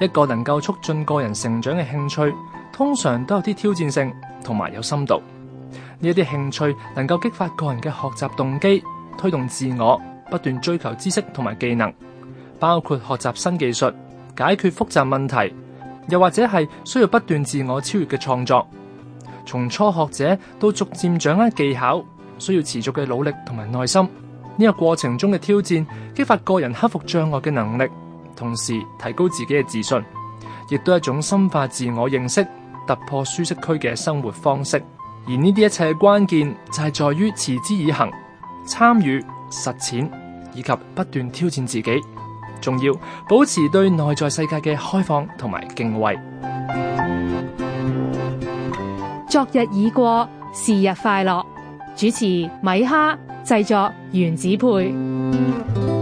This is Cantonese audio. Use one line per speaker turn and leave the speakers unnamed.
一個能夠促進個人成長嘅興趣，通常都有啲挑戰性，同埋有深度。呢一啲興趣能夠激發個人嘅學習動機，推動自我不斷追求知識同埋技能，包括學習新技術、解決複雜問題，又或者係需要不斷自我超越嘅創作。從初學者到逐漸掌握技巧，需要持續嘅努力同埋耐心。呢個過程中嘅挑戰，激發個人克服障礙嘅能力。同時提高自己嘅自信，亦都係一種深化自我認識、突破舒適區嘅生活方式。而呢啲一切嘅關鍵就係在於持之以恒、參與實踐以及不斷挑戰自己。仲要保持對內在世界嘅開放同埋敬畏。
昨日已過，是日快樂。主持米哈，製作原子配。